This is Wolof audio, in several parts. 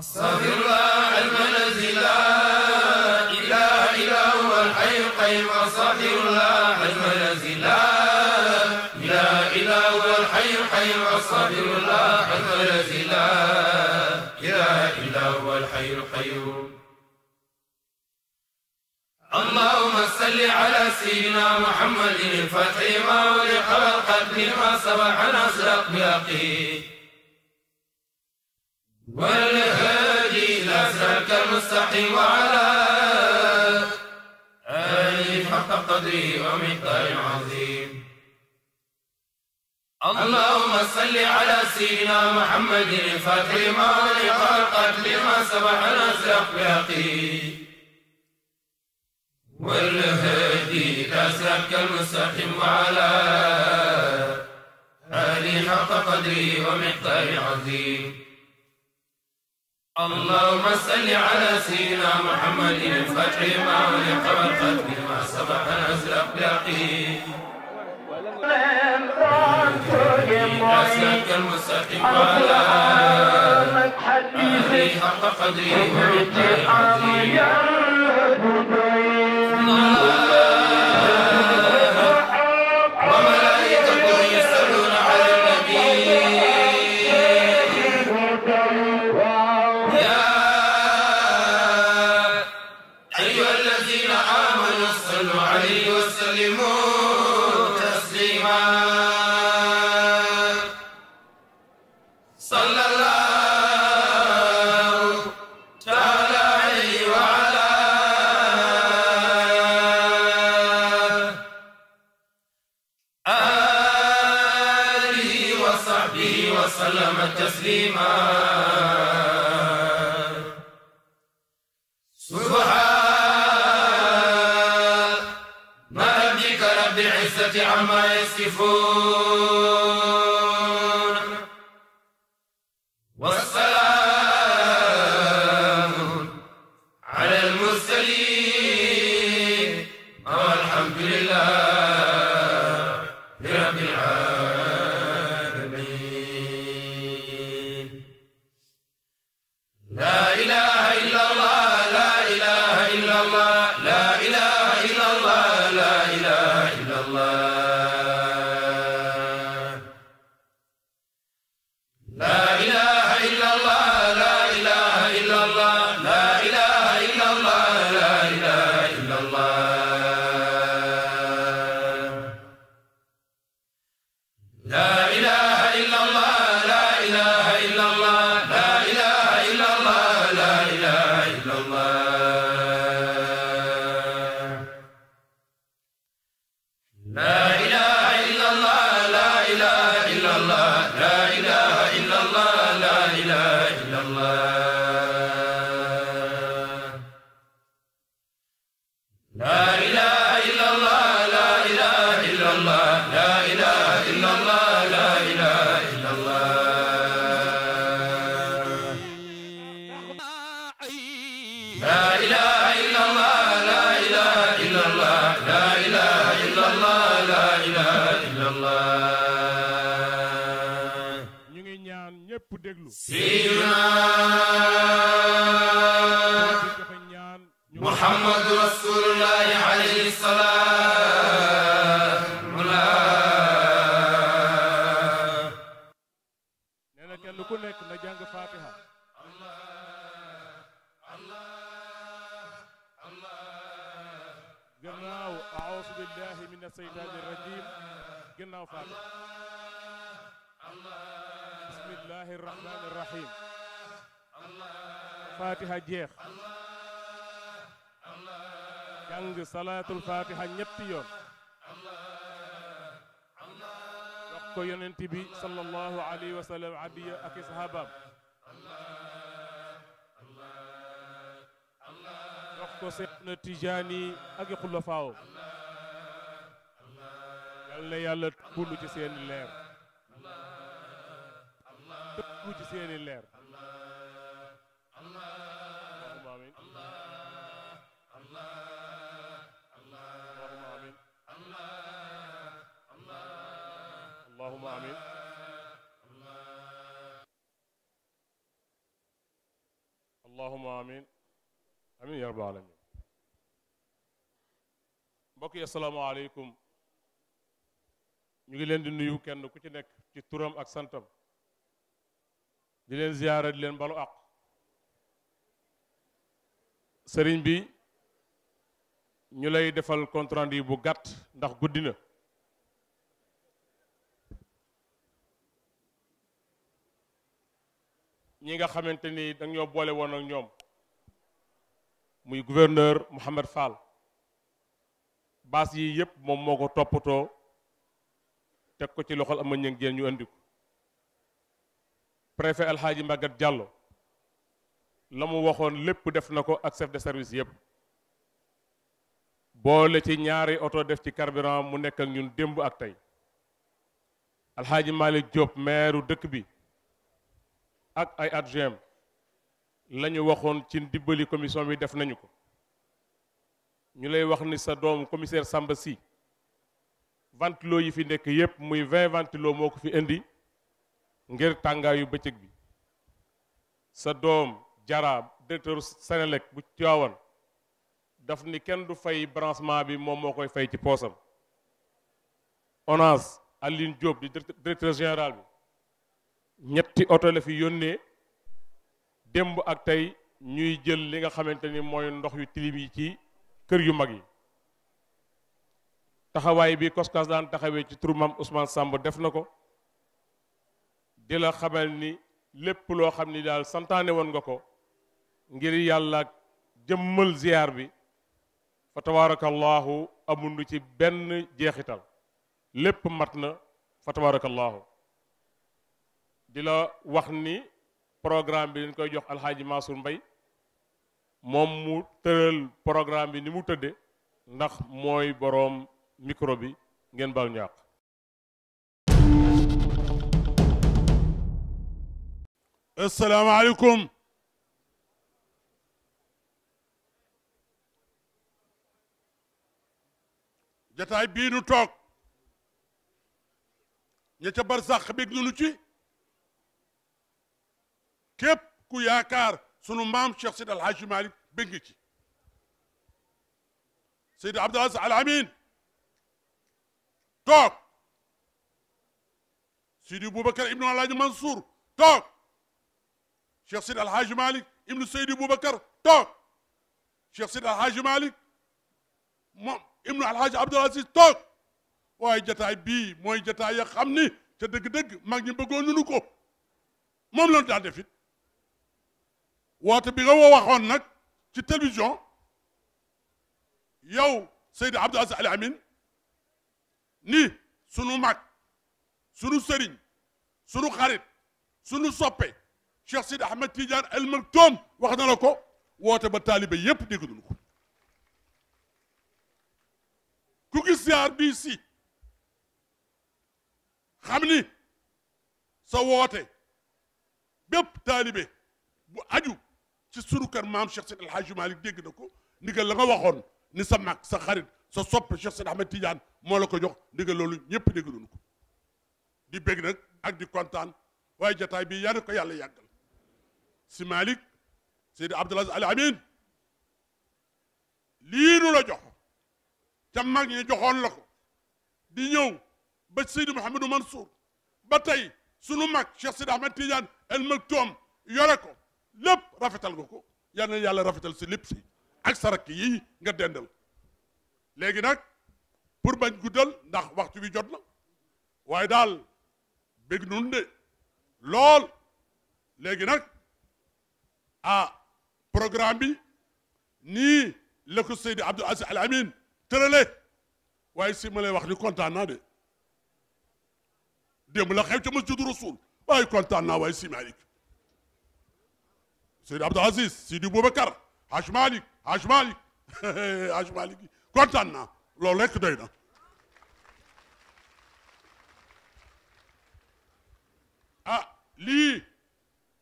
الصابر العلم الذي لا إله إلا هو الحي القيوم الصابر العلم الذي لا إله إلا هو الحي القيوم الصابر العلم الذي لا إله إلا هو الحي القيوم اللهم صل على سيدنا محمد الفاتح ما ولقى القلب ما صبح نصر أخلاقه والهادي إلى صراطك المستقيم وعلى آله حق قدره ومقداره العظيم اللهم صل على سيدنا محمد الفاتح لما ولق القتل ما سبح ناس أخلاقه والهادي إلى صراطك المستقيم وعلى آله حق قدره ومقداره العظيم اللهم صل على سيدنا محمد الفتح ما ولق والقلب ما سبق نزل أخلاقه أسلك المستقيم وعلى أهلي حق قدره ومن alihi wa sahbihi wa sallama taslima subhaana rabbika rabbil izzati amma yasifuun rabbil déglu Seydina Muhammad Rasulullahi alayhi salaam nee na kenn ku nekk na jàng Fatiha gannaaw aousu billahi min asheytaani rajim gannaaw Fatiha bismillahi rahmani rahim fatiha jeex jàng salaatul fatiha ñetti yoon wax ko yonent bi sallallahu alayhi wa sallam adiya ak tijaani ak i xulafaaw yal na yàlla tubbulu seen leer dugg ci seeni leer allahumma amin allahumma amin amin ya rabbal alamin mbokk yi asalaamaaleykum ñu ngi leen di nuyu kenn ku ci nekk ci turam ak santam di leen ziyaara di leen balu àq sëriñ bi ñu lay defal contrandi bu gàtt ndax guddi na ñi nga xamante ni danga ñoo boole woon ak ñoom muy gouverneur Mouhamed Fall baas yi yëpp moom moo ko toppatoo teg ko ci loxol ama ñëng jéen ñu andi ko préfet alxaaji Magatte Diallo la mu waxoon lépp def na ko ak chef de service yëpp boole ci ñaari oto def ci carburant mu nekk ak ñun démb ak tey alxaaji Malick Diop maire dëkk bi ak ay adjoint la ñu waxoon ci ndimbali commission bi def nañu ko ñu lay wax ni sa doom commissaire Samba Sy ventilo yi fi nekk yëpp muy vingt ventilo moo ko fi indi ngir tàngaayu bëccëg bi sa doom jara directeur Senelec bu Tiwaawan daf ni kenn du fay branchement bi moom moo koy fay ci poosam ONAS Aline Diop di directeur général bi ñetti otole fi yónnee démb ak tey ñuy jël li nga xamante ni mooy ndox yu tilim yi ci kër yu mag yi taxawaay bi Coskas daan taxawee ci turu Mame Ousmane Samb def na ko di la xamal ni lépp loo xam ni daal santaane woon nga ko ngir yàlla jëmmal ziyaar bi fa tabaarakallaahu amundu ci benn jeexital lépp mat na fa tabaarakallaahu di la wax ni programme bi dañ koy jox alxaaji Mansour Mbaye moom mu tëral programme bi ni mu tëdde ndax mooy boroom micro bi ngeen baal ñàq asalaamaaleykum jataay bii nu toog ña ca barsàq bég nunu ci képp ku yaakaar sunu maam Cheikh Seydi El Hadji Malick bég ngi ci Seydi Abdoul Aziz Al Amin toog Seydi Boubacar Ibnu Alaaji Mansour toog Cheikh Sidi Alhaji Malick ibnu Seydi Boubacar toog Cheikh Sidi Alhaji Malick moom ibnu Alhaji Abdoul Aziz toog waaye jataay bii mooy jataay ya xam ni ca dëgg-dëgg mag ñi bëggoon nunu ko moom lañu daan def it woote bi nga woo waxoon nag ci télévision yow Seydi Abdoul Aziz Al Amin ni sunu mag sunu sëriñ sunu xarit sunu soppe Cheikh Sidi Ahmed Tidiane El Maktoum wax na ko woote ba taalibe yépp dégg nañu ku gis ziar bii ni sa woote bépp taalibe bu aju ci sunu kër maam Cheikh Sidi El Hadj Malick na ko ndigal la nga waxoon ni sa mag sa xarit sa sopp Cheikh Sidi Ahmed Tidiane moo la ko jox ndigal loolu ñépp dégg nañu ko di bég nag ak di kontaan waaye jataay bi yal ko yàlla yàggal si Malick Seydi Abdoul Aziz Al Amin lii nu la jox ca mag ñi joxoon la ko di ñëw ba Seydi Mouhamadou Mansour ba tey sunu mag Cheikh Seydi Ahmed Tidiane El Maktoum yore ko lépp rafetal nga ko yal na yàlla rafetal si lépp si ak sarak yi nga dendal léegi nag pour bañ guddal ndax waxtu wi jot na waaye daal bég nun de lool léegi nag programme bi nii la ko Seydi Abdou Aziz Al Amin tërale waaye si ma wax ni kontaan naa de démb la xew ca masjidu rasul waaye kontaan naa waaye si Malick Seydi Abdou Aziz Seydi Boubacar Haj Malick Haj Malick Haj Malick kontaan naa ah, lii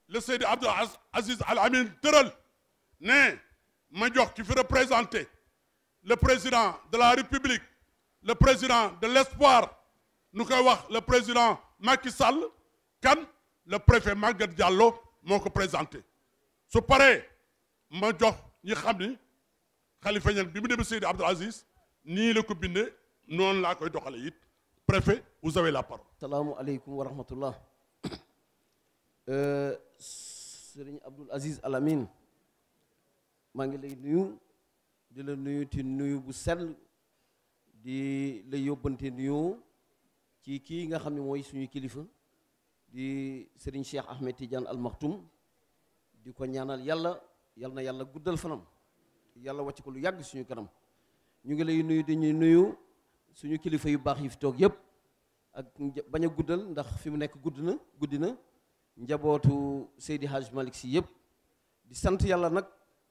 le Seydi Abdou Aziz Al Amin tëral ne ma jox ki fi représenté le président de la République le président de l'espoir nu koy wax le président Macky Sall kan le préfet Maguette Diallo moo ko présenté su pare ma jox ñi xam ni Khalifa Niass bi mu demee Seydi Abdou Aziz nii le ko bindee noonu laa koy doxale it préfet vous avez la parole. salaamualeykum wa rahmatullah. Euh, sëriñ Abdul Aziz Alamin maa ngi lay nuyu di la nuyu ti nuyu bu sell di la yóbbante nuyu ci kii nga xam ne mooy suñu kilifa di sëriñ Cheikh Ahmed Tidiane Al Maktoum di ko ñaanal yàlla yal na yàlla guddal fanam yàlla wàcc ko lu yàgg suñu kanam ñu ngi lay nuyu dañuy nuyu suñu kilifa yu baax yi fi toog yépp ak bañ a guddal ndax fi mu nekk gudd na guddi na njabootu Seydi Hadj Malick si yëpp di sant yàlla nag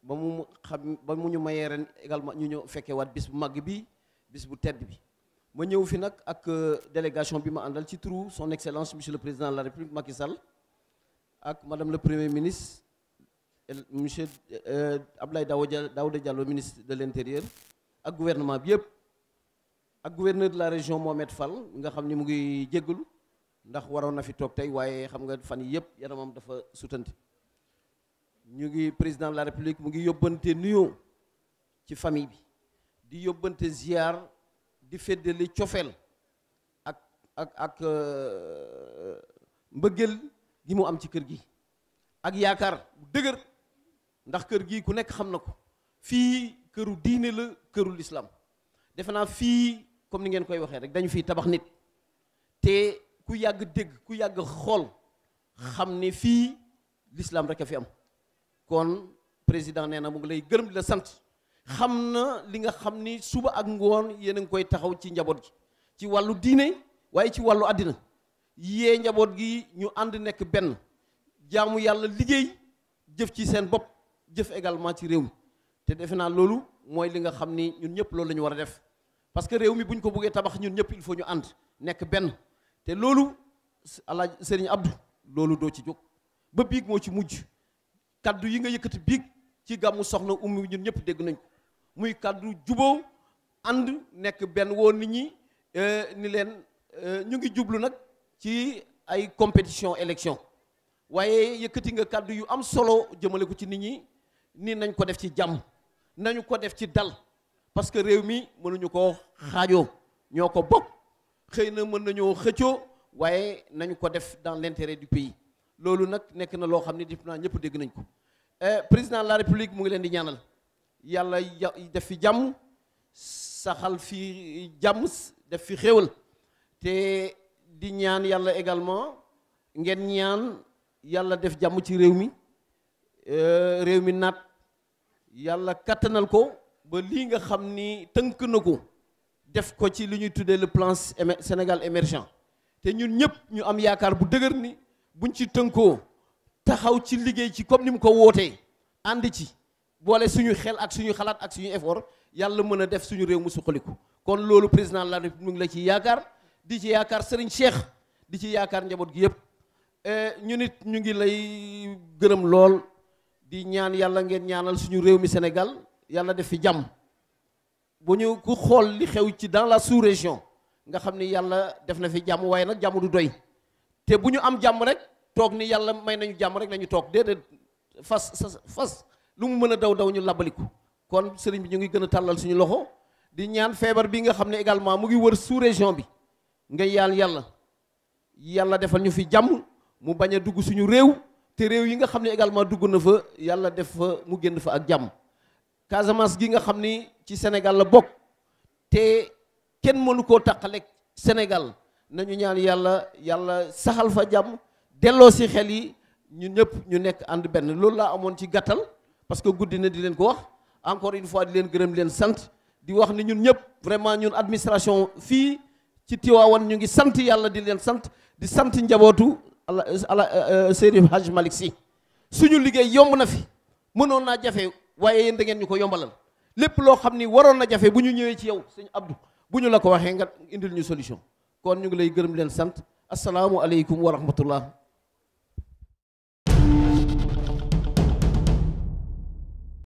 ba mu xam ba mu ñu mayee ren également ñu ñëw fekkee waat bis bu màgg bi bis bu tedd bi ma ñëw fi nag ak euh, délégation bi ma àndal ci turu son excellence monsieur le président de la république Macky Sall ak madame le premier ministre monsieur ab euh, Abdoulaye Daouda Diallo ministre de l'intérieur ak gouvernement bi yëpp ak gouverneur de la région Mohamed fal nga xam ni mu ngi jéggalu ndax waroon na fi toog tey waaye xam nga fan yëpp yaramam dafa sutanti ñu ngi président de la république mu ngi yóbbante nuyoo ci famille bi di yóbbante ziar di feddali cofeel ak ak ak euh, mbëggeel gi mu am ci kër gi ak yaakaar bu dëgër ndax kër gi ku nekk xam na ko fii këru diine la këru lislaam defe naa fii comme ni ngeen koy waxee rek dañu fiy tabax nit ku yàgg dégg ku yàgg xool xam ni fii l'islam rek fi am kon président nee na mu lay gërëm di la sant xam na li nga xam ni suba ak ngoon yéen a ngi koy taxaw ci njaboot gi ci wàllu diine waaye ci wàllu àddina yee njaboot gi ñu ànd nekk benn jaamu yàlla liggéey jëf ci seen bopp jëf également ci réew mi te defe naa loolu mooy li nga xam ni ñun ñëpp loolu la ñu war a def parce que réew mi bu ñu ko bëggee tabax ñun ñëpp il faut ñu ànd nekk benn te loolu alaaj sëriñ Abdou loolu doo ci jóg ba biig moo ci mujj kàddu yi nga yëkkati biig ci gàmmu soxna ummi ñun ñëpp dégg nañ muy kàddu juboo ànd nekk benn woon nit ñi euh, ni leen euh, ñu ngi jublu nag ci ay compétition élection waaye yëkkati nga kàddu yu am solo jëmale ko ci nit ñi ni nañ ko def ci jàmm nañu ko def ci dal parce que réew mi mënuñu ko xaajoo ñoo ko bokk xëy na mën nañoo xëccoo waaye nañ ko def dans l'intérêt du pays loolu nag nekk na loo xam ne diplomat ñëpp dégg nañ ko eh, président la république mu ngi leen di ñaanal yàlla def fi jàmm saxal fi jàmm def fi xéewal te di ñaan yàlla également ngeen ñaan yàlla def jàmm ci réew mi eh, réew mi naat yàlla kattanal ko ba lii nga xam ni tënk na ko def ko ci li ñuy tuddee le plan Sénégal émergent te ñun ñëpp ñu am yaakaar bu dëgër ni buñ ci tënkoo taxaw ci liggéey ci comme ni mu ko wootee ànd ci boole suñu xel ak suñu xalaat ak suñu effort yàlla mën a def suñu réew mu suqaliku kon loolu président de la République mu ngi la ci yaakaar di ci yaakaar Serigne Cheikh di ci yaakaar njaboot gi yëpp euh, ñu nit ñu ngi lay gërëm lool di ñaan yàlla ngeen ñaanal suñu réew mi Sénégal yàlla def fi jàmm bu ñu ku xool li xew ci dans la sous-région nga xam ni yàlla def na fi jàmm waaye nag jàmm du doy te bu ñu am jàmm rek toog ni yàlla may nañu jàmm rek nañu toog déedéet fas fas lu mu mën a daw daw ñu labaliku kon sëriñ bi ñu ngi gën a tàllal suñu loxo di ñaan feebar bi nga xam ne également mu ngi wër sous-région bi nga yaan yàlla yàlla defal ñu fi jàmm mu bañ a dugg suñu réew te réew yi nga xam ne également dugg na fa yàlla def fa mu génn fa ak jàmm Casamance gi nga xam ni ci Sénégal la bokk te kenn mënu koo taqaleeg Sénégal nañu ñaan yàlla yàlla saxal fa jàmm delloo si xel yi ñu ñëpp ñu nekk ànd benn loolu laa amoon ci gàttal parce que guddi na di leen ko wax encore une fois di leen gërëm leen sant di wax ni ñun ñëpp vraiment ñun administration fii ci Tiwaawan ñu ngi sant yàlla di leen sant di sant njabootu ala ala Serigne Hadj Malick Sy suñu liggéey yomb na fi mënoon naa jafe waaye yéen da ngeen ñu ko yombalal lépp loo xam ni waroon na jafe bu ñu ñëwee ci yow sëñ Abdou bu ñu la ko waxee nga indil ñu solution kon ñu ngi lay gërëm leen sant asalaamualeykum wa rahmatullah